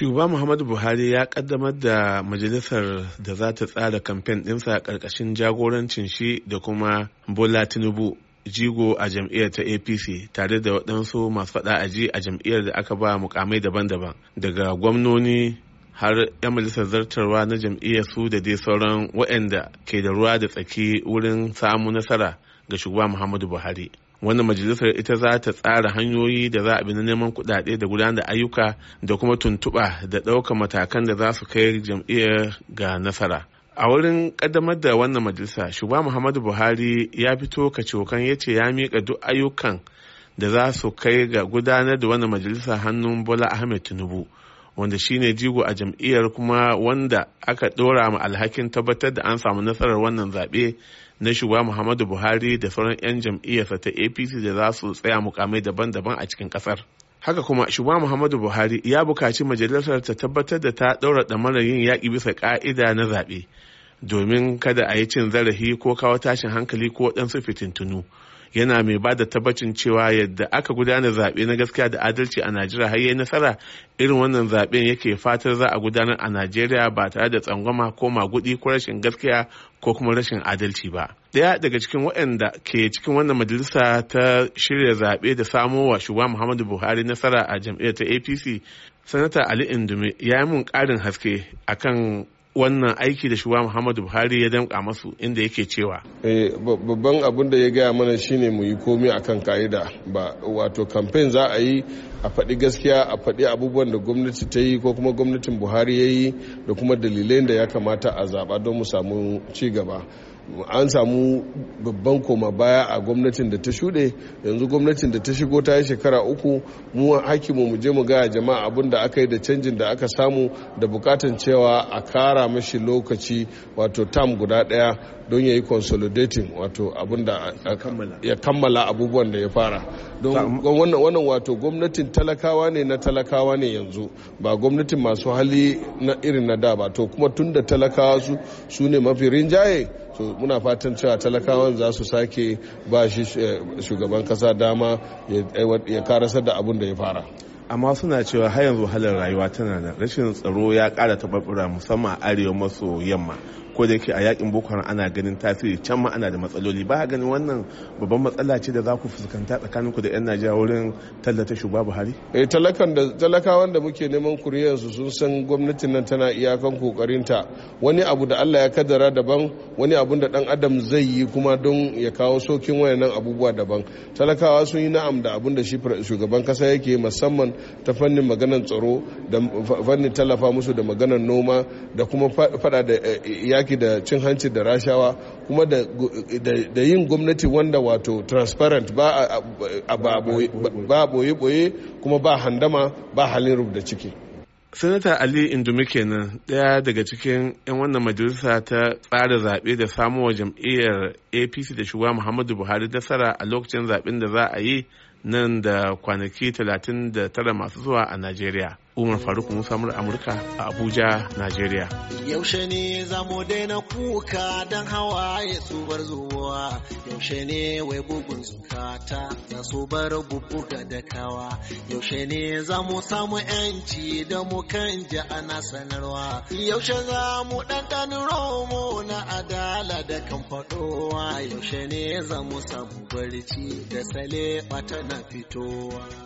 Shugaba Muhammadu Buhari ya kaddamar da majalisar da za ta tsara kamfen ɗinsa a ƙarƙashin jagorancin shi da kuma Bola Tinubu jigo a jam'iyyar ta apc tare da waɗansu masu faɗa aji a jam'iyyar da aka ba mukamai daban-daban daga gwamnoni har 'yan majalisar zartarwa na jam'iyyar su da dai sauran waɗanda ke da ruwa da tsaki wurin samu nasara ga shugaba muhammadu buhari wannan majalisar ita za ta tsara hanyoyi da za a bi na neman kuɗaɗe da gudanar da ayyuka da kuma tuntuɓa da ɗaukar matakan da za su kai jam'iyyar ga nasara a wurin ƙaddamar da wannan majalisa shugaba muhammadu buhari ya fito kacokan ya ce ya miƙa duk ayyukan da za su kai ga gudanar da wannan majalisa hannun bola ahmed tinubu wanda shine jigo a jam'iyyar kuma wanda aka dora ma alhakin tabbatar da an samu nasarar wannan zaɓe na shugaba Muhammadu Buhari da sauran 'yan jam'iyyarsa ta APC da za su tsaya mukamai daban-daban a cikin ƙasar. Haka kuma shugaba Muhammadu Buhari ya bukaci majalisar ta tabbatar da ta ɗaura ɗamarar yin yaƙi bisa ƙa'ida na zaɓe. domin kada a yi cin zarafi ko kawo tashin hankali ko waɗansu fitintunu yana mai ba da tabbacin cewa yadda aka gudanar zaɓe na gaskiya da adalci a najeriya har yi nasara irin wannan zaɓen yake fatar za a gudanar a najeriya ba tare da tsangwama ko magudi ko rashin gaskiya ko kuma rashin adalci ba Ɗaya daga cikin waɗanda ke cikin wannan majalisa ta shirya zaɓe da samo wa shugaba muhammadu buhari nasara a jam'iyyar ta apc sanata ali indume ya yi mun ƙarin haske akan wannan aiki da shugaba muhammadu buhari ya damƙa masu inda yake cewa eh, babban abin da ya gaya mana shine mu yi komi akan ka'ida ba wato kamfen za a yi a faɗi gaskiya a faɗi abubuwan da gwamnati ta yi ko kuma gwamnatin buhari ya yi da kuma dalilai da ya kamata a zaɓa don mu samu ci gaba an samu babban koma baya a gwamnatin da ta shuɗe yanzu gwamnatin da ta shigo ta yi shekara uku mu hakimu mu je mu gaya jama'a abin da aka yi da canjin da aka samu da bukatan cewa a kara mashi lokaci wato tam guda ɗaya don ya yi consolidating wato abin da ya kammala abubuwan da ya fara don wannan wato gwamnatin talakawa ne na talakawa ne yanzu ba gwamnatin masu hali na irin na da ba to kuma tun da talakawa su ne mafi rinjaye muna fatan cewa talakawan za su sake ba shi eh, shugaban kasa dama ya karasar da abin da ya fara amma suna cewa har yanzu wahalar rayuwa tana nan rashin tsaro ya kara taɓarɓara musamman a arewa maso yamma ko da yake a yakin boko haram ana ganin tasiri can ma ana da matsaloli ba ganin wannan babban matsala ce da za ku fuskanta tsakanin ku da yan najeriya wurin tallata shugaba buhari eh talakan da talakawan da muke neman kuriyar su sun san gwamnatin nan tana iyakan kokarin ta wani abu da Allah ya kaddara daban wani abu da dan adam zai yi kuma don ya kawo sokin wayannan abubuwa daban talakawa sun yi na'am da abun da shugaban kasa yake musamman ta fannin maganar tsaro da fannin tallafa musu da maganar noma da kuma fada da eh, yaki yaki da cin hanci da rashawa kuma da yin gwamnati wanda wato transparent ba boye-boye kuma ba handama ba halin rubda ciki sanata ali indumi kenan daya daga cikin 'yan wannan majalisa ta tsara zaɓe da samuwa jam'iyyar apc da shugaba muhammadu buhari nasara a lokacin zaɓen da za a yi nan da kwanaki 39 masu zuwa a najeriya Umar Faruk Musa mura Amurka a Abuja, Najeriya. Yaushe ne za mu daina kuka don hawa ya tsubar zuwa, yaushe ne wai bugun zukata za su bar bubuga da kawa, yaushe ne za mu samu yanci da mu kan ji ana sanarwa, yaushe za mu ɗanɗani romo na adala da kan faɗowa, yaushe ne za mu samu barci da sale ɓata na fitowa.